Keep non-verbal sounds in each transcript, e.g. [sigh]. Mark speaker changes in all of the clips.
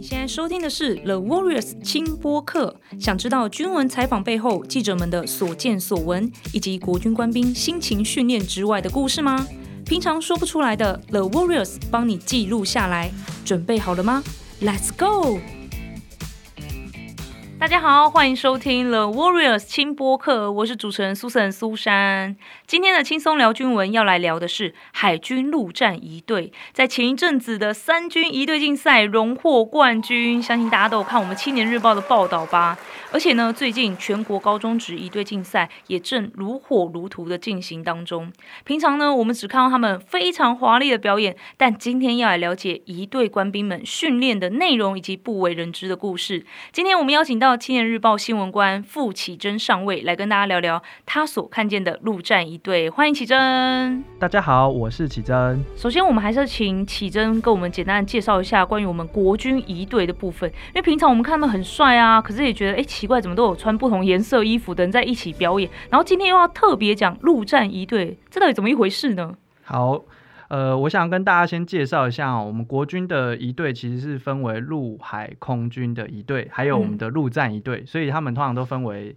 Speaker 1: 你現在收聽的是《The Warriors》輕播客。想知道軍聞採訪背後記者們的所見所聞，以及國軍官兵辛勤訓練之外的故事嗎？平常說不出來的，《The Warriors》幫你記錄下來。準備好了嗎？Let's go！大家好，歡迎收聽《The Warriors》輕播客，我是主持人 Susan 蘇珊。今天的輕鬆聊軍文要來聊的是海軍陸戰一隊，在前一陣子的三軍一隊競賽榮獲冠軍，相信大家都有看我們《青年日報》的報道吧。而且呢，最近全國高中職一隊競賽也正如火如荼的進行當中。平常呢，我們只看到他們非常華麗的表演，但今天要來了解一隊官兵們訓練的內容以及不為人知的故事。今天我們邀請到。青年日報新聞官傅啟禎上尉，來跟大家聊聊他所看見的陸戰儀隊，歡迎啟禎。大
Speaker 2: 家好，我是啟禎。
Speaker 1: 首先，我們還是請啟禎跟我們簡單介紹一下關於我們國軍儀隊的部分，因為平常我們看得很帥啊，可是也覺得哎、欸、奇怪，怎麼都有穿不同顏色衣服的人在一起表演。然後今天又要特別講陸戰儀隊，這到底怎麼一回事呢？
Speaker 2: 好。呃，我想跟大家先介紹一下、喔、我們國軍的儀隊其實是分為陸海空軍的儀隊，還有我們的陸戰儀隊，嗯、所以他們通常都分為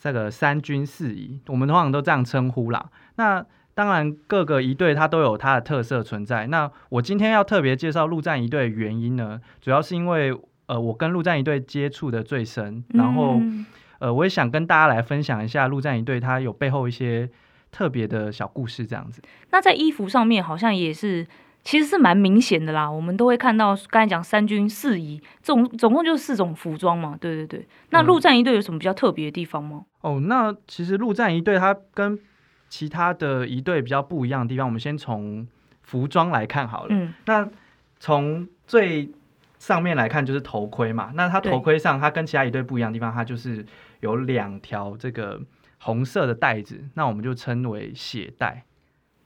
Speaker 2: 這個三軍四儀，我們通常都這樣稱呼啦。那當然各個儀隊它都有它的特色存在。那我今天要特別介紹陸戰儀隊的原因呢，主要是因為呃，我跟陸戰儀隊接觸的最深，然後、嗯、呃，我也想跟大家來分享一下陸戰儀隊它有背後一些。特別的小故事這樣子，
Speaker 1: 那在衣服上面好像也是，其實是蠻明顯的啦。我們都會看到剛才講三軍四儀，總總共就是四種服裝嘛。對對對，那陸戰儀隊有什麼比較特別的地方嗎、嗯？
Speaker 2: 哦，那其實陸戰儀隊它跟其他的儀隊比較不一樣的地方，我們先從服裝來看好了。嗯，那從最上面來看就是頭盔嘛。那它頭盔上它跟其他儀隊不一樣的地方，它就是有兩條這個。紅色的帶子，那我們就稱為血帶，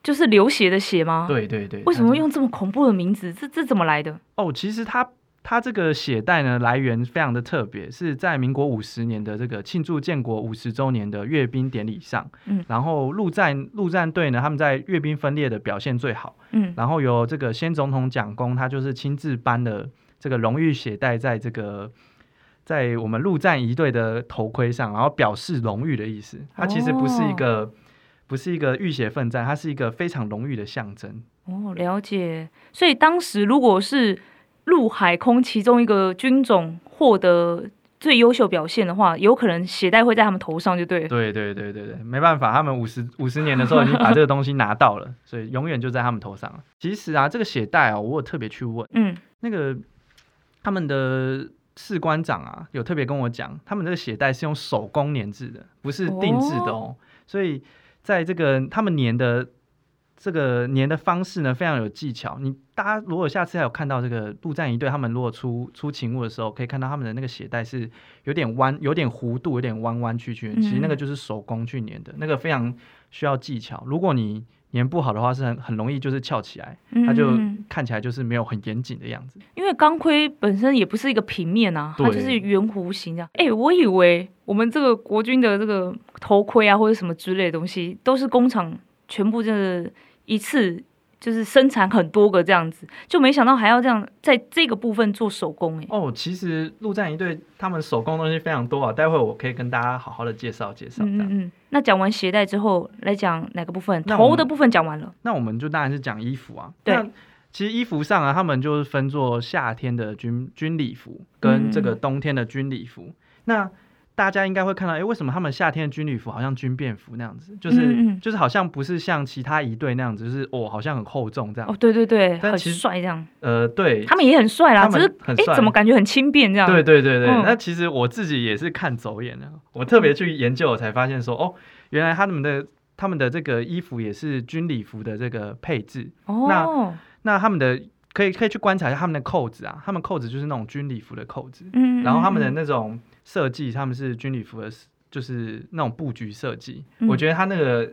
Speaker 1: 就是流血的血嗎？對對對。為什麼用這麼恐怖的名字？這這怎麼來的？哦，其實它他，
Speaker 2: 他這個血帶呢，來源非常的特別，是在民國五十年的這個慶祝建國五十周年的閱兵典禮上，嗯，然後陸戰陸戰隊呢，他們在閱兵分列的表現最好，嗯，然後由這個先總統蔣公，他就是親自頒的這個榮譽血帶，在這個。在我們陸戰一隊的頭盔上，然後表示榮譽的意思。它其實不是一個，oh. 不是一個浴血奮戰，它是一個非常榮譽的象徵。
Speaker 1: 哦，oh, 了解。所以當時如果是陸海空其中一個軍種獲得最優秀表現的話，有可能鞋帶會在他們頭上，就對。
Speaker 2: 對對對對對，沒辦法，他們五十五十年的時候已經把這個東西 [laughs] 拿到了，所以永遠就在他們頭上。其實啊，這個血帶啊，我有特別去問，嗯，那個他們的。士官長啊，有特別跟我講，他們那個鞋帶是用手工粘制的，不是定制的，喔、哦。所以，在這個他們粘的這個粘的方式呢，非常有技巧。你大家如果下次還有看到這個陸戰儀隊，他們如果出出勤務的時候，可以看到他們的那個鞋帶是有點彎、有點弧度、有點彎彎曲曲，嗯、其實那個就是手工去粘的，那個非常需要技巧。如果你粘不好的話是很很容易就是翹起來，嗯、哼哼，它就看起來就是沒有很嚴謹的樣子。
Speaker 1: 因為鋼盔本身也不是一個平面吶、啊，它就是圓弧形的。哎對、欸，我以為我們這個國軍的這個頭盔啊或者什麼之類的東西，都是工廠全部就是一次。就是生產很多個這樣子，就沒想到還要這樣在這個部分做手工哎、
Speaker 2: 欸。哦，其實陸戰儀隊他們手工東西非常多啊，待會我可以跟大家好好的介紹介紹。嗯
Speaker 1: 嗯。那講完鞋帶之後，來講哪個部分？頭的部分講完了。
Speaker 2: 那我們就當然是講衣服啊。對，其實衣服上啊，他們就是分做夏天的軍軍禮服跟這個冬天的軍禮服。嗯、那大家應該會看到，哎、欸，為什麼他們夏天的軍禮服好像軍便服那樣子？就是嗯嗯就是好像不是像其他一隊那樣子，就是哦，好像很厚重這樣。哦，
Speaker 1: 對對對，很帥這樣。
Speaker 2: 呃，對，他們也很
Speaker 1: 帥啦，他們只是哎，欸、很帥，怎麼感覺很輕便這樣？對對對對，那、
Speaker 2: 嗯、其實我自己也是看走眼了、啊。我特別去研究，我才發現說，哦，原來他們的他們的這個衣服也是軍禮服的這個配置。哦，那那他們的可以可以去觀察一下他們的扣子啊，他們扣子就是那種軍禮服的扣子。嗯，嗯，然後他們的那種。設計他們是軍禮服的，就是那種佈局設計。嗯、我覺得他那個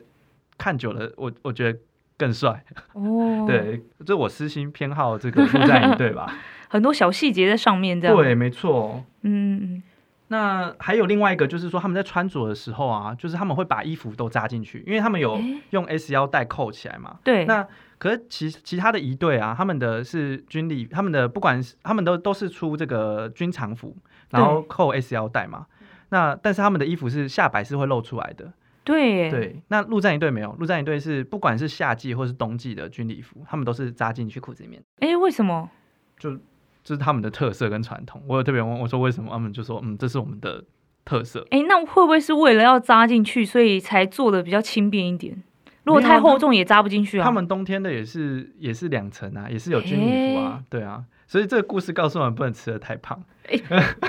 Speaker 2: 看久了，我我覺得更帥。哦、 [laughs] 對，這我私心偏好這個陸戰儀隊吧。
Speaker 1: [laughs] 很多小細節在上面這樣，對，沒錯。嗯，那還
Speaker 2: 有另外一個，就是說他們在穿着的時候啊，就是他們會把衣服都扎進去，因為他們有用 S 腰帶、欸、扣起來嘛。對。那可是其其他的儀隊啊，他們的是軍禮，他們的不管是他們都都是出這個軍常服，然後扣 S 腰帶嘛，對那但是他們的衣服是下擺是會露出來的。
Speaker 1: 對耶對，
Speaker 2: 那陸戰一隊沒有，陸戰一隊是不管是夏季或是冬季的軍禮服，他們都是扎進去褲子裡面。
Speaker 1: 哎、欸，為什麼？就
Speaker 2: 這、就是他們的特色跟傳統。我有特別問我說為什麼，他們就說嗯，這是我們的特色。哎、
Speaker 1: 欸，那會不會是為了要扎進去，所以才做的比較輕便一點？如果太厚重也扎不進去啊。他
Speaker 2: 們冬天的也是也是兩層啊，也是有軍禮服啊，欸、對啊。所以這個故事告訴我們，不能吃得太胖，欸。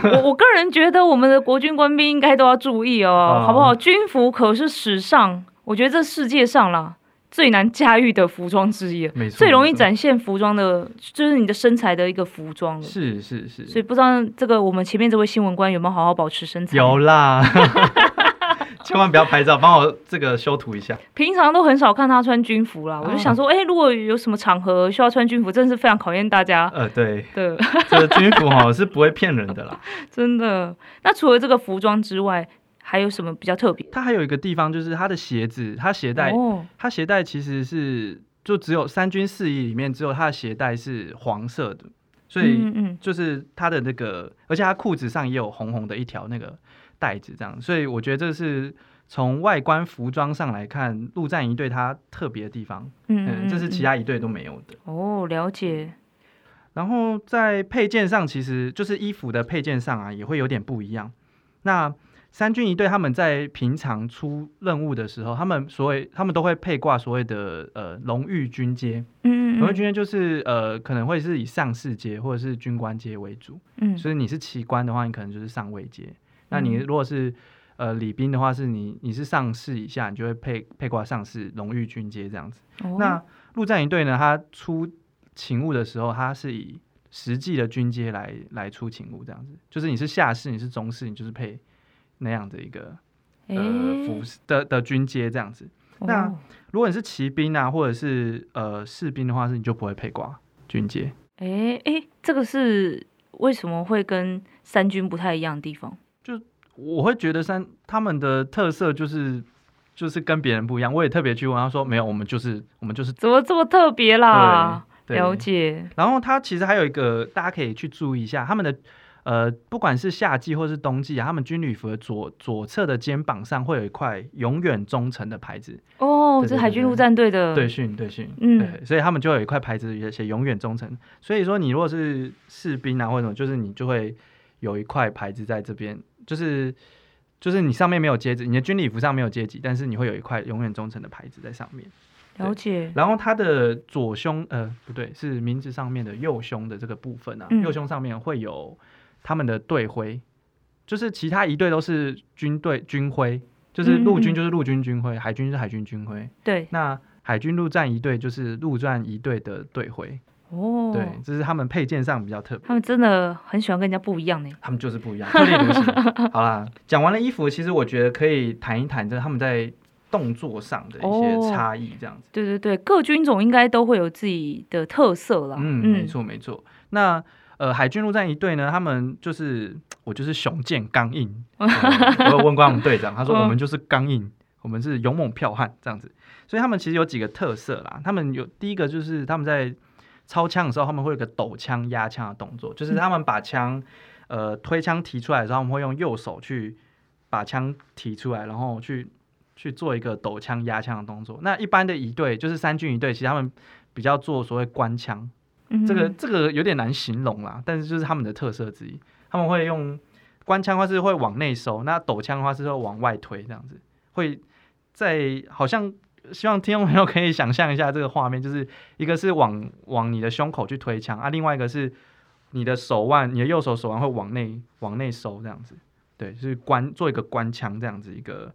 Speaker 1: 我我個人覺得，我們的國軍官兵應該都要注意哦， [laughs] 好不好？軍服可是史上，我覺得這世界上啦最難駕馭的服裝之一，沒錯，最容易展現服裝的，沒錯，就是你的身材的一個服裝。是
Speaker 2: 是是。所以不
Speaker 1: 知道這個我們前面這位新聞官有沒有好好保持身材？
Speaker 2: 有啦。 [laughs] 千萬不要拍照，幫我這個修圖一下。
Speaker 1: 平常都很少看他穿軍服啦，啊、我就想說，哎、欸，如果有什麼場合需要穿軍服，真的是非常考驗大家。呃，對對，
Speaker 2: 這個軍服哈 [laughs] 是不會騙人的啦，
Speaker 1: 真的。那除了這個服裝之外，還有什麼比較特
Speaker 2: 別？他還有一個地方就是他的鞋子，他鞋帶，哦、他鞋帶其實是就只有三軍四儀裡面只有他的鞋帶是黃色的，所以就是他的那個，嗯嗯嗯，而且他褲子上也有紅紅的一條那個。袋子這樣，所以我覺得這是從外觀服裝上來看，陸戰儀隊他特別的地方，嗯，嗯，嗯，嗯，這是其他儀隊都沒有的
Speaker 1: 哦。了解。
Speaker 2: 然後在配件上，其實就是衣服的配件上啊，也會有點不一樣。那三軍儀隊他們在平常出任務的時候，他們所謂他們都會配掛所謂的呃榮譽軍階，嗯，嗯，嗯，榮譽軍階就是呃可能會是以上士階或者是軍官階為主，嗯，所以你是旗官的話，你可能就是上尉階。那你如果是、嗯、呃禮兵的話，是你你是上士以下，你就會配配掛上士榮譽軍階這樣子。哦、那陸戰儀隊呢，他出勤務的時候，他是以實際的軍階來來出勤務這樣子。就是你是下士，你是中士，你就是配那樣的一個、欸、呃服的的軍階這樣子。哦、那如果你是騎兵啊，或者是呃士兵的話是，是你就不會配掛軍階。
Speaker 1: 哎哎、欸欸，這個是為什麼會跟三軍不太一樣的地方？就
Speaker 2: 我會覺得三他們的特色就是就是跟別人不一樣。我也特別去問，他說沒有，我們就是我們就是
Speaker 1: 怎麼這麼特別啦？了解。
Speaker 2: 然後他其實還有一個大家可以去注意一下，他們的呃不管是夏季或是冬季啊，他們軍旅服的左左側的肩膀上會有一塊永遠忠誠的牌子。
Speaker 1: 哦，oh，這是海軍陸戰隊的隊訓
Speaker 2: 隊訓，對。所以他們就有一塊牌子寫永遠忠誠。所以說你如果是士兵啊或什麼，就是你就會有一塊牌子在這邊。就是，就是你上面沒有階級，你的軍禮服上沒有階級，但是你會有一塊永遠忠誠的牌子在上面。
Speaker 1: 了解。
Speaker 2: 然後他的左胸，呃，不對，是名字上面的右胸的這個部分啊，嗯、右胸上面會有他們的隊徽，就是其他儀隊都是軍隊軍徽，就是陸軍就是陸軍軍徽，嗯嗯，海軍是海軍軍徽。對。那海軍陸戰儀隊就是陸戰儀隊的隊徽。
Speaker 1: 哦，oh, 對，
Speaker 2: 這是他們配件上比較特別。他
Speaker 1: 們真的很喜歡跟人家不一樣呢。
Speaker 2: 他們就是不一樣， [laughs] 特立獨行。好啦，講完了衣服，其實我覺得可以談一談，就是他們在動作上的一些差異，這樣子。
Speaker 1: Oh, 對對對，各軍種應該都會有自己的特色啦。嗯，沒錯
Speaker 2: 沒錯。那呃，海軍陸戰儀隊呢，他們就是我就是雄健剛硬。
Speaker 1: [laughs] 呃、我有問過他們
Speaker 2: 隊長，他說我們就是剛硬，我們是勇猛剽悍這樣子。所以他們其實有幾個特色啦。他們有第一個就是他們在。操槍的時候，他們會有一個抖槍、壓槍的動作，就是他們把槍，呃，推槍提出來然後，我們會用右手去把槍提出來，然後去去做一個抖槍、壓槍的動作。那一般的儀隊就是三軍儀隊，其實他們比較做所謂關槍，嗯、哼這個這個有點難形容啦，但是就是他們的特色之一，他們會用關槍的話是會往內收；那抖槍的話是會往外推，這樣子會在好像。希望聽眾朋友可以想象一下這個畫面，就是一個是往往你的胸口去推槍啊，另外一個是你的手腕，你的右手手腕會往內往內收這樣子，對，就是關做一個關槍這樣子一個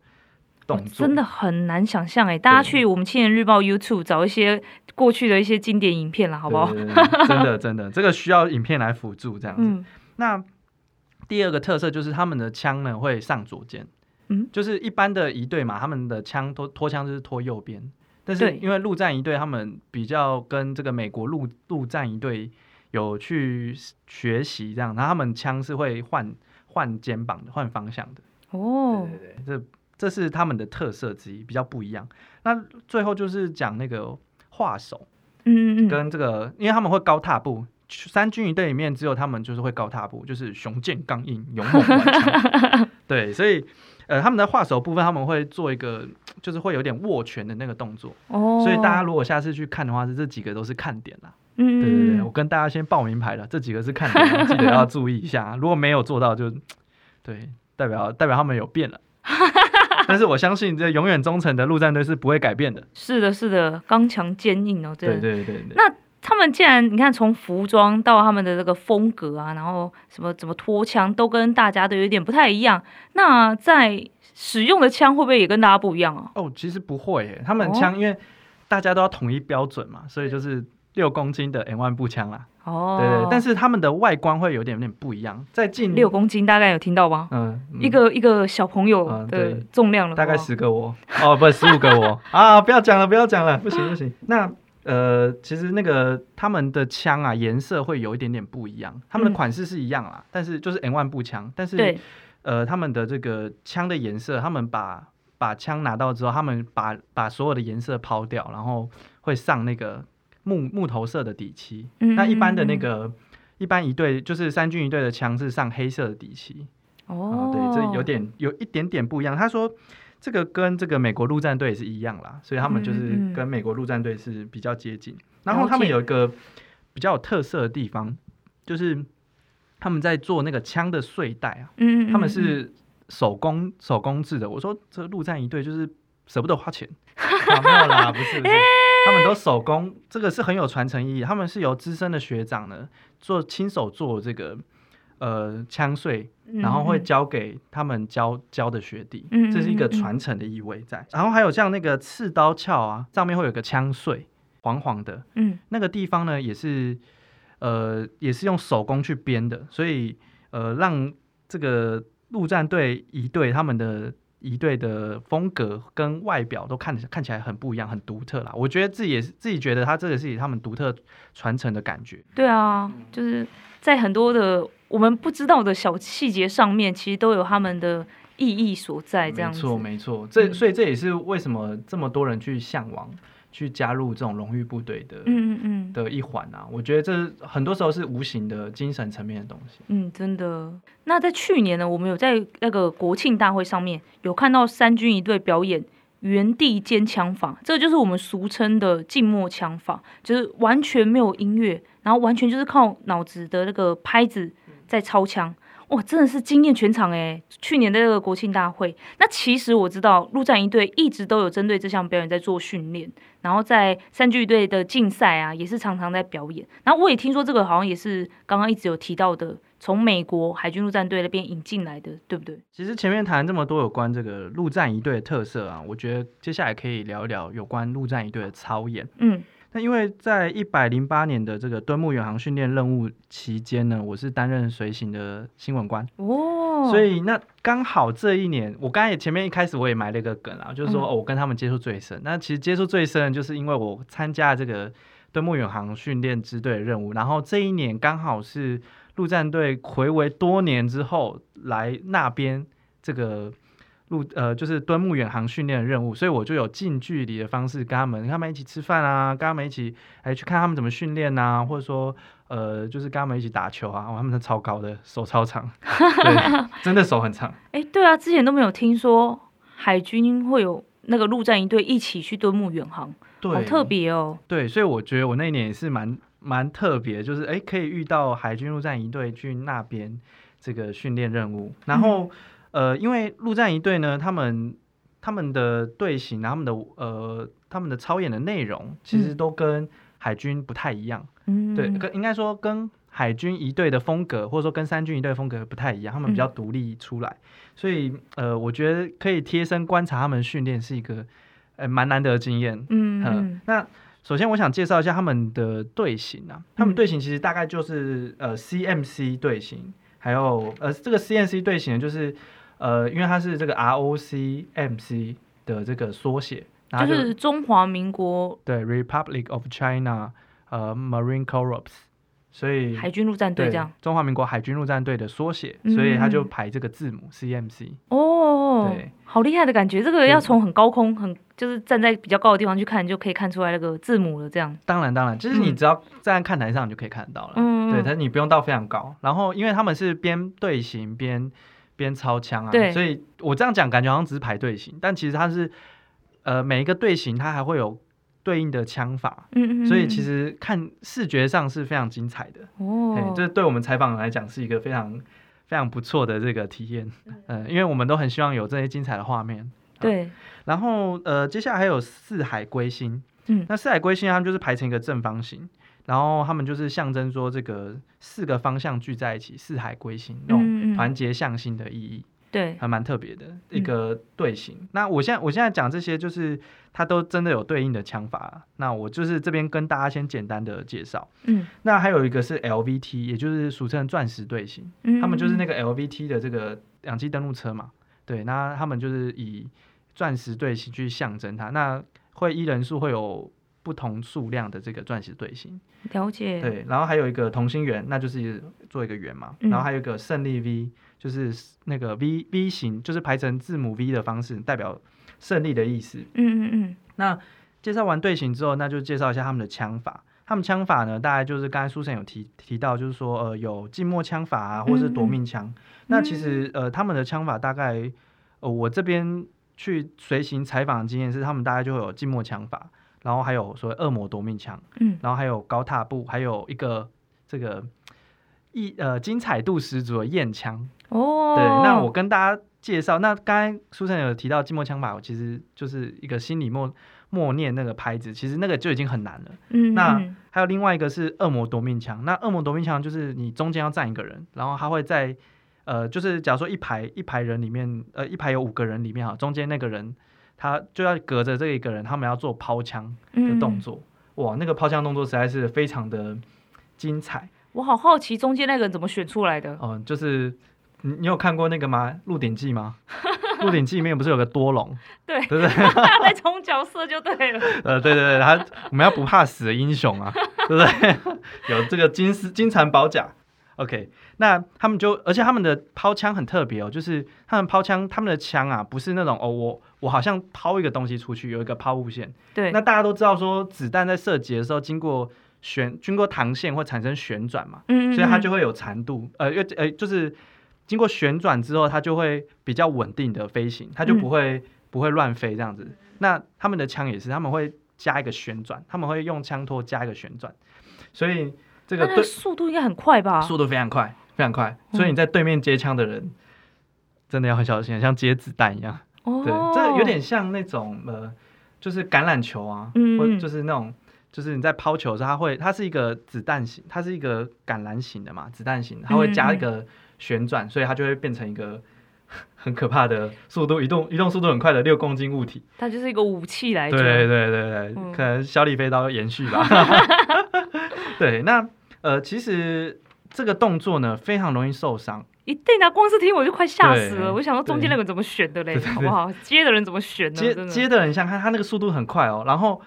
Speaker 2: 動作，哦、真的
Speaker 1: 很難想象誒、欸，大家去我們青年日報 YouTube 找一些過去的一些經典影片了，好不好？對對對對，真
Speaker 2: 的真的， [laughs] 這個需要影片來輔助這樣子。嗯、那第二個特色就是他們的槍呢會上左肩。嗯，就是一般的一隊嘛，他們的槍拖拖槍就是拖右邊，
Speaker 1: 但是因
Speaker 2: 為陸戰一隊他們比較跟這個美國陸陸戰一隊有去學習這樣，然後他們槍是會換換肩膀換方向的。
Speaker 1: 哦，oh. 對
Speaker 2: 對對，這這是他們的特色之一，比較不一樣。那最後就是講那個畫手，嗯、
Speaker 1: mm，hmm.
Speaker 2: 跟這個，因為他們會高踏步。三軍一隊裡面只有他們，就是會高踏步，就是雄健、剛硬、勇猛。 [laughs] 對，所以呃，他們的畫手部分，他們會做一個，就是會有點握拳的那個動作。哦、所以大家如果下次去看的話，這這幾個都是看點啦。嗯，
Speaker 1: 對對對，我
Speaker 2: 跟大家先報名牌了，這幾個是看點， [laughs] 記得要注意一下。如果沒有做到就，就對，代表代表他們有變了。 [laughs] 但是我相信，這永遠忠誠的陸戰隊是不會改變的。
Speaker 1: 是的，是的，剛強堅硬哦，這的。對對對對。那。他們既然你看從服裝到他們的這個風格啊，然後什麼怎麼拖槍都跟大家都有點不太一樣，那在使用的槍會不會也跟大家不一樣啊？哦，其實不會耶，他們槍因
Speaker 2: 為大家都要統一標準嘛，哦、所以就是六公斤的 M1 步槍啦。哦，對對，但是他們的外觀會有點有點不一樣。
Speaker 1: 在近六公斤，大概有聽到嗎？嗯、嗯，一個一個小朋友的重量了，嗯，
Speaker 2: 大概十個我， [laughs] 哦，不是十五個我
Speaker 1: 啊！不要講了，不要
Speaker 2: 講了，不行不行，那。呃，其實那個他們的槍啊，顏色會有一點點不一樣。他們的款式是一樣啦，嗯、但是就是 M1 步槍，但是對呃，他們的這個槍的顏色，他們把把槍拿到之後，他們把把所有的顏色拋掉，然後會上那個木木頭色的底漆。嗯嗯，那一般的那個一般儀隊就是三軍儀隊的槍是上黑色的底漆。
Speaker 1: 哦，對，這裡有點
Speaker 2: 有一點點不一樣。他說。這個跟這個美國陸戰隊也是一樣啦，所以他們就是跟美國陸戰隊是比較接近。嗯嗯然後他們有一個比較有特色的地方，就是他們在做那個槍的穗帶啊，嗯嗯嗯他們是手工手工製的。我說，這陸戰儀隊就是舍不得花錢。
Speaker 1: [laughs] 啊、沒有啦， [laughs] 不是不是，
Speaker 2: 他們都手工， [laughs] 這個是很有傳承意義。他們是由資深的學長呢做親手做這個。呃，槍穗，嗯、哼然後會交給他們教教的學弟，嗯、哼這是一個傳承的意味在。嗯、哼然後還有像那個刺刀鞘啊，上面會有個槍穗，黃黃的，嗯，那個地方呢也是，呃，也是用手工去編的，所以呃，讓這個陸戰隊儀隊他們的儀隊的風格跟外表都看得看起來很不一樣，很獨特啦。我覺得自己也是自己覺得他這個是以他們獨特傳承的感覺。
Speaker 1: 對啊，就是在很多的。我們不知道的小細節上面，其實都有他們的意義所在這子。這樣沒錯，
Speaker 2: 沒錯、嗯，這所以這也是為什麼這麼多人去向往、去加入這種榮譽部隊的，嗯嗯的一環啊。嗯嗯、我覺得這很多時候是無形的精神層面的東西。
Speaker 1: 嗯，真的。那在去年呢，我們有在那個國慶大會上面有看到三軍儀隊表演原地間槍法，這就是我們俗稱的靜默槍法，就是完全沒有音樂，然後完全就是靠腦子的那個拍子。在操槍，哇，真的是驚艷全場誒、欸，去年的那個國慶大會，那其實我知道陸戰儀隊一直都有針對這項表演在做訓練，然後在三軍儀隊的競賽啊，也是常常在表演。然後我也聽說這個好像也是剛剛一直有提到的，從美國海軍陸戰隊那邊引進來的，對不對？
Speaker 2: 其實前面談這麼多有關這個陸戰儀隊的特色啊，我覺得接下來可以聊一聊有關陸戰儀隊的操演。嗯。那因為在一百零八年的這個敦睦遠航訓練任務期間呢，我是擔任隨行的新聞官哦，所以那剛好這一年，我剛才前面一開始我也埋了一個梗啊，就是說、哦、我跟他們接觸最深。嗯、那其實接觸最深的，就是因為我參加了這個敦睦遠航訓練支隊的任務，然後這一年剛好是陸戰隊睽違多年之後來那邊這個。陸呃，就是敦睦遠航訓練的任務，所以我就有近距離的方式跟他們，跟他們一起吃飯啊，跟他們一起，欸、去看他們怎麼訓練啊，或者說呃，就是跟他們一起打球啊，哇，他們的超高的手超長。對，真的手很長。
Speaker 1: 哎、 [laughs] 欸，對啊，之前都沒有聽說海軍會有那個陸戰儀隊一起去敦睦遠航，對好特別哦。
Speaker 2: 對，所以我覺得我那年也是蠻蠻特別，就是哎、欸、可以遇到海軍陸戰儀隊去那邊這個訓練任務，然後。嗯呃，因為陸戰儀隊呢，他們他們的隊形，他們的，然後他們的呃，他們的操演的內容，其實都跟海軍不太一樣。嗯，對，跟應該說跟海軍儀隊的風格，或者說跟三軍儀隊風格不太一樣，他們比較獨立出來。嗯，所以呃，我覺得可以貼身觀察他們訓練是一個，呃，蠻難得的經驗。嗯，嗯，呃，那首先我想介紹一下他們的隊形啊，他們隊形其實大概就是呃，CMC 隊形，還有呃這個 C M C 隊形就是。呃，因為它是這個 ROCMC 的這個縮寫，然後就,就
Speaker 1: 是中華民國
Speaker 2: 對 Republic of China，呃，Marine Corps，所以海軍陸戰隊這樣。中華民國海軍陸戰隊的縮寫，嗯、所以它就排這個字母 CMC。哦，
Speaker 1: 對，好厲害的感覺，這個要從很高空很，很對就是站在比較高的地方去看，就可以看出來那個字母了。這樣，
Speaker 2: 當然當然，就是你只要站在看台上，你就可以看得到了。嗯，對，但是你不用到非常高。然後，因為他們是邊隊形邊。邊操槍啊，對所以我這樣講感覺好像只是排隊形，但其實它是，呃，每一個隊形它還會有對應的槍法，嗯嗯，所以其實看視覺上是非常精彩的哦，對、欸，這、就是、對我們採訪人來講是一個非常非常不錯的這個體驗，嗯、呃，因為我們都很希望有這些精彩的畫面，
Speaker 1: 對，
Speaker 2: 然後呃，接下來還有四海歸心，嗯，那四海歸心它們就是排成一個正方形。然後他們就是象徵說這個四個方向聚在一起，四海歸心、嗯、那種團結向心的意義，對，還蠻特別的一個隊形。嗯、那我現在我現在講這些，就是它都真的有對應的槍法。那我就是這邊跟大家先簡單的介紹。嗯，那還有一個是 LVT，也就是俗稱鑽石隊形，他們就是那個 LVT 的這個兩棲登陸車嘛。對，那他們就是以鑽石隊形去象徵它。那會依人數會有。不同數量的這個鑽石隊形，
Speaker 1: 了解。對，
Speaker 2: 然後還有一個同心圓，那就是做一個圓嘛。嗯、然後還有一個勝利 V，就是那個 VV 型，就是排成字母 V 的方式，代表勝利的意思。嗯
Speaker 1: 嗯
Speaker 2: 嗯。那介紹完隊形之後，那就介紹一下他們的槍法。他們槍法呢，大概就是剛才蘇珊有提提到，就是說呃有靜默槍法啊，或是奪命槍。嗯嗯，那其實呃他們的槍法大概，呃我這邊去隨行採訪經驗是，他們大概就會有靜默槍法。然後還有所謂惡魔奪命槍，嗯，然後還有高踏步，還有一個這個一呃精彩度十足的燕槍。
Speaker 1: 哦。對，那我
Speaker 2: 跟大家介紹，那剛才書生有提到靜默槍法，我其實就是一個心裡默默念那個拍子，其實那個就已經很難了。嗯，嗯，那還有另外一個是惡魔奪命槍，那惡魔奪命槍就是你中間要站一個人，然後他會在呃，就是假如說一排一排人裡面，呃，一排有五個人裡面哈，中間那個人。他就要隔着這一個人，他們要做拋槍的動作，嗯、哇，那個拋槍動作實在是非常的精彩。
Speaker 1: 我好好奇中間那個人怎麼選出來的？
Speaker 2: 嗯，就是你，你有看過那個嗎？《鹿鼎記》嗎？
Speaker 1: 《 [laughs] 鹿鼎
Speaker 2: 記》裡面不是有個多隆？
Speaker 1: [laughs] 對，對，對，來充角色就對
Speaker 2: 了。呃，對對對， [laughs] 他我們要不怕死的英雄啊， [laughs] 對不對？有這個金絲金蟬寶甲。OK，那他們就，而且他們的拋槍很特別哦、喔，就是他們拋槍，他們的槍啊，不是那種哦，我我好像拋一個東西出去，有一個拋物線。對。那大家都知道，說子彈在射擊的時候，經過旋，經過膛線會產生旋轉嘛，嗯嗯嗯，所以它就會有長度，呃，因為呃，呃，就是經過旋轉之後，它就會比較穩定的飛行，它就不會、嗯、不會亂飛這樣子。那他們的槍也是，他們會加一個旋轉，他們會用槍托加一個旋轉，所以。這個速
Speaker 1: 度應該很快吧？速
Speaker 2: 度非常快，非常快。嗯、所以你在對面接槍的人，真的要很小心，像接子彈一樣。哦，
Speaker 1: 對。這有點
Speaker 2: 像那種呃，就是橄欖球啊，嗯、或就是那種，就是你在拋球的時候，它會，它是一個子彈型，它是一個橄欖型的嘛，子彈型，它會加一個旋轉，嗯、所以它就會變成一個很可怕的速度移動，移動速度很快的六公斤物體。
Speaker 1: 它就是一個武器來。對對
Speaker 2: 對對對，嗯、可能小李飛刀延續吧。 [laughs] 對，那呃，其實這個動作呢，非常容易受傷。
Speaker 1: 一定啊！拿光是聽我就快嚇死了。對我想說中間那個人怎麼選的嘞，對對對好不好？接的人怎麼選呢？接的接的人，
Speaker 2: 像他，他那個速度很快哦。然後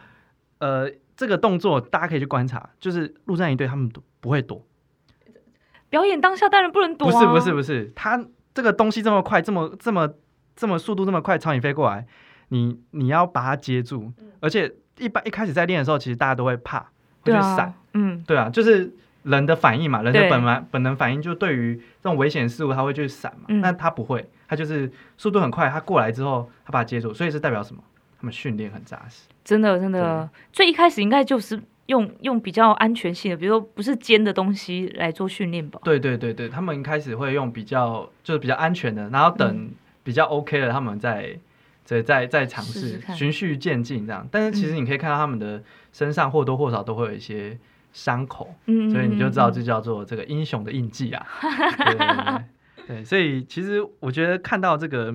Speaker 2: 呃，這個動作大家可以去觀察，就是陸戰儀隊他們都不會躲。
Speaker 1: 表演當下當然不能躲，啊。不是不是不
Speaker 2: 是，他這個東西這麼快，這麼這麼這麼速度這麼快，朝你飛過來，你你要把它接住。嗯、而且一般一開始在練的時候，其實大家都會怕。就閃，啊、嗯，對啊，就是人的反應嘛，對人的本來本能反應就對於這種危險事物，它會去閃嘛。那它、嗯、不會，它就是速度很快，它過來之後它把它接住，所以是代表什麼？他們訓練很扎實。
Speaker 1: 真的，真的，最對一開始應該就是用用比較安全性的，比如說不是尖的東西來做訓練吧。
Speaker 2: 對對對對，他們一開始會用比較就是比較安全的，然後等比較 OK 了，嗯、他們再。所以在在嘗試循序漸進這樣，但是其實你可以看到他們的身上或多或少都會有一些傷口，嗯嗯嗯嗯，所以你就知道這叫做這個英雄的印記啊。 [laughs] 對，對對對，對，所以其實我覺得看到這個，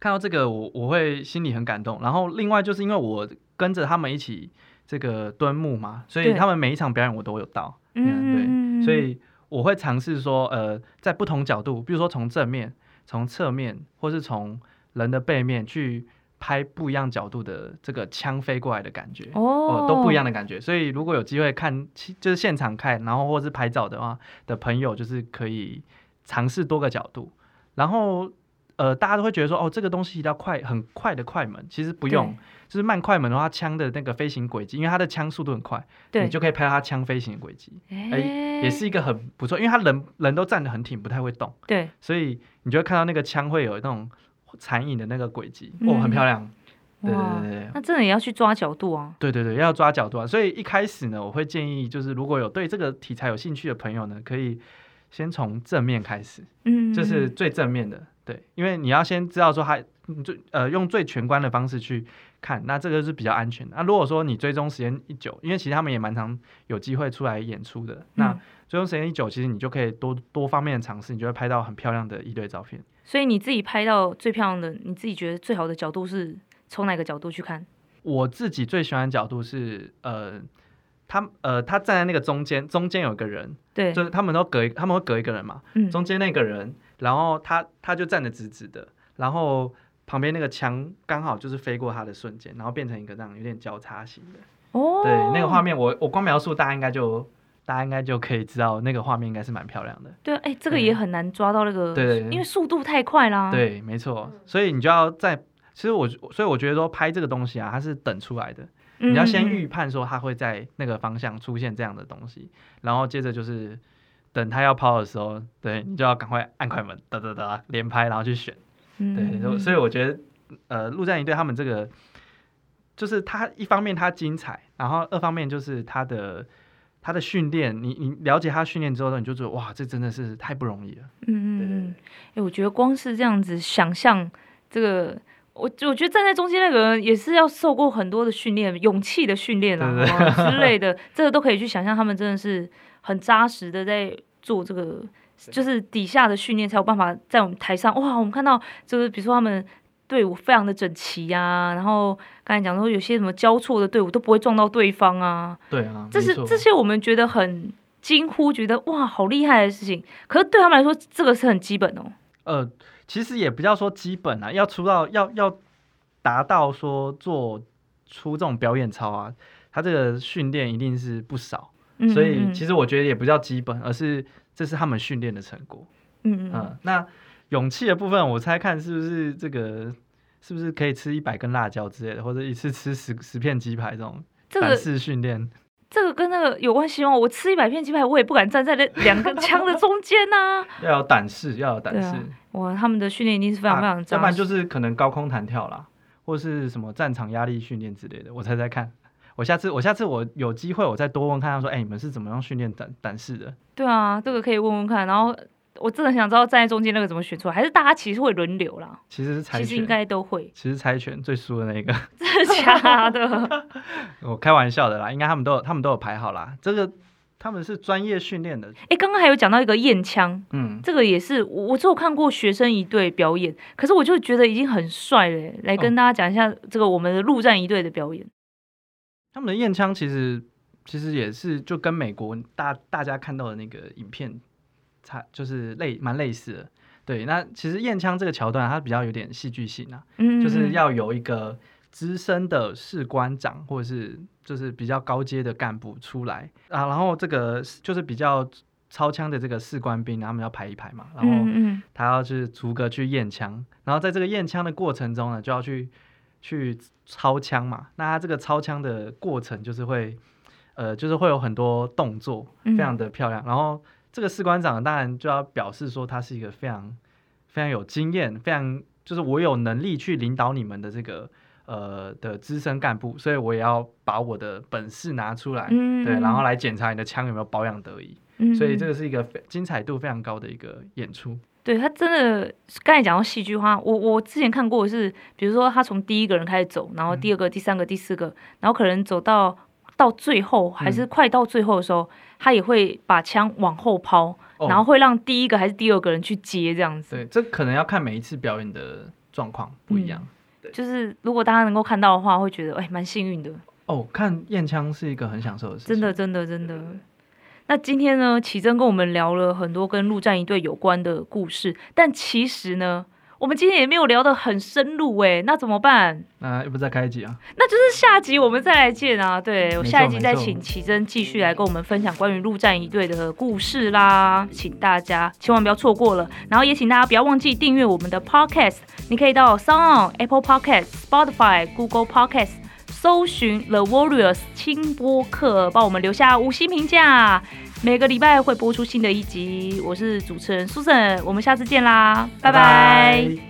Speaker 2: 看到這個我我會心裡很感動。然後另外就是因為我跟着他們一起這個蹲木嘛，所以他們每一場表演我都有到，對，
Speaker 1: 嗯、對，所以
Speaker 2: 我會嘗試說呃，在不同角度，比如說從正面、從側面，或是從。人的背面去拍不一樣角度的這個槍飛過來的感覺哦、呃，都不一樣的感覺。所以如果有機會看，就是現場看，然後或是拍照的話，的朋友就是可以嘗試多個角度。然後呃，大家都會覺得說，哦，這個東西一定要快，很快的快門，其實不用，對就是慢快門的話，槍的那個飛行軌跡，因為它的槍速度很快，對，你就可以拍到它槍飛行的軌跡。誒、欸，也是一個很不錯，因為他人人都站得很挺，不太會動，對，所以你就會看到那個槍會有那種。殘影的那個軌跡哦，很漂亮。嗯、對,對,對,對,對，
Speaker 1: 那這個也要去抓角度啊。
Speaker 2: 對對對，要抓角度啊。所以一開始呢，我會建議就是，如果有對這個題材有興趣的朋友呢，可以先從正面開始，嗯，就是最正面的，對，因為你要先知道說他、嗯、最呃用最全觀的方式去看，那這個是比較安全的。那、啊、如果說你追蹤時間一久，因為其實他們也蠻常有機會出來演出的，嗯、那追蹤時間一久，其實你就可以多多方面的嘗試，你就會拍到很漂亮的一堆照片。
Speaker 1: 所以你自己拍到最漂亮的，你自己覺得最好的角度是從哪個角度去看？
Speaker 2: 我自己最喜歡的角度是，呃，他呃，他站在那個中間，中間有一個人，對，就是他們都隔他們會隔一個人嘛，嗯，中間那個人，然後他他就站得直直的，然後旁邊那個槍剛好就是飛過他的瞬間，然後變成一個這樣有點交叉型的，
Speaker 1: 哦，對，那個畫面
Speaker 2: 我我光描述大家應該就。大家應該就可以知道，那個畫面應該是蠻漂亮的。
Speaker 1: 對，哎、欸，這個也很難抓到那個，嗯、對，因為速度太快啦。對，
Speaker 2: 沒錯，所以你就要在，其實我，所以我覺得說拍這個東西啊，它是等出來的。嗯嗯嗯。你要先預判說它會在那個方向出現這樣的東西，然後接着就是等它要拋的時候，對，你就要趕快按快門，噠噠噠，連拍，然後去選。對，所以我覺得，呃，陸戰儀隊他們這個，就是它一方面它精彩，然後二方面就是它的。他的訓練，你你了解他訓練之後呢，你就覺得哇，這真的是太不容易
Speaker 1: 了。嗯嗯嗯，哎、欸，我覺得光是這樣子想象這個，我我覺得站在中間那個人也是要受過很多的訓練，勇氣的訓練啊之類的， [laughs] 這個都可以去想象他們真的是很扎實的在做這個。對對對對，就是底下的訓練才有辦法在我們台上哇，我們看到就是比如說他們。隊伍非常的整齊呀、啊，然後剛才講說有些什麼交錯的隊伍都不會撞到對方啊。
Speaker 2: 對啊，這是沒錯，這些
Speaker 1: 我們覺得很驚呼，覺得哇好厲害的事情。可是對他們來說，這個是很基本哦。
Speaker 2: 呃，其實也不叫說基本啊，要出到要要達到說做出這種表演操啊，他這個訓練一定是不少。嗯嗯嗯，所以其實我覺得也不叫基本，而是這是他們訓練的成果。嗯嗯，
Speaker 1: 嗯
Speaker 2: 那。勇氣的部分，我猜看是不是這個，是不是可以吃一百根辣椒之類的，或者一次吃十十片雞排這種、這個、膽識訓練？
Speaker 1: 這個跟那個有關係哦，我吃一百片雞排，我也不敢站在那兩根槍的中間吶、
Speaker 2: 啊。 [laughs] 要有膽識，要有膽識。
Speaker 1: 哇，他們的訓練一定是非常非常渣、啊，要不然就
Speaker 2: 是可能高空彈跳啦，或是什麼戰場壓力訓練之類的。我猜猜看，我下次我下次我有機會我再多問看看說，說、欸、哎，你們是怎麼樣訓練膽膽識的？
Speaker 1: 對啊，這個可以問問看，然後。我真的很想知道站在中間那個怎麼選出來，還是大家其實會輪流啦。
Speaker 2: 其實是猜拳，其實應該都會。其實猜拳最輸的那個。 [laughs]
Speaker 1: 真的
Speaker 2: 假的？ [laughs] 我開玩笑的啦，應該他們都有他們都有排好啦。這個他們是專業訓練的。哎、
Speaker 1: 欸，剛剛還有講到一個驗槍，嗯，這個也是我只有看過學生儀隊表演，可是我就覺得已經很帥嘞。來跟大家講一下這個我們的陸戰儀隊的表演。
Speaker 2: 他們的驗槍其實其實也是就跟美國大大家看到的那個影片。就是類蠻類似的，對。那其實驗槍這個橋段，它比較有點戲劇性啊，嗯嗯嗯，就是要有一個資深的士官長，或者是就是比較高階的幹部出來啊。然後這個就是比較操槍的這個士官兵，然後他們要排一排嘛。然後他要去逐個去驗槍，然後在這個驗槍的過程中呢，就要去去操槍嘛。那他這個操槍的過程，就是會呃，就是會有很多動作，非常的漂亮。嗯嗯然後。這個士官長當然就要表示說，他是一個非常、非常有經驗、非常就是我有能力去領導你們的這個呃的資深幹部，所以我也要把我的本事拿出來，嗯嗯，對，然後來檢查你的槍有沒有保養得宜。嗯嗯，所以這個是一個精彩度非常高的一個演出。
Speaker 1: 對，他真的剛才講到戲劇化，我我之前看過的是，比如說他從第一個人開始走，然後第二個、第三個、第四個，嗯、然後可能走到。到最後還是快到最後的時候，嗯、他也會把槍往後拋，哦、然後會讓第一個還是第二個人去接這樣子。對，這可能要看每一次表演的狀況不一樣。嗯、對，就是如果大家能夠看到的話，會覺得哎，蠻、欸、幸運的。哦，
Speaker 2: 看驗槍是一個很享受的事
Speaker 1: 情。真的，真的，真的。對對對。那今天呢，啟禎跟我們聊了很多跟陸戰儀隊有關的故事，但其實呢。我們今天也沒有聊得很深入哎、欸，那怎麼辦？
Speaker 2: 那要、呃、不再開一集啊？
Speaker 1: 那就是下集我們再來見啊！對、嗯、我下一集再請奇真繼續來跟我們分享關於陸戰一隊的故事啦，錯請大家千萬不要錯過了，然後也請大家不要忘記訂閱我們的 Podcast，你可以到 s o n g Apple Podcast、Spotify、Google Podcast s, 搜尋 The Warriors 輕播客，幫我們留下五星評價。每個禮拜會播出新的一集。我是主持人蘇珊，我們下次見啦，拜拜。拜拜。